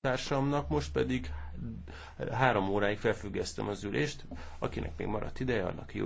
társamnak, most pedig három óráig felfüggesztem az ülést, akinek még maradt ideje, annak jó.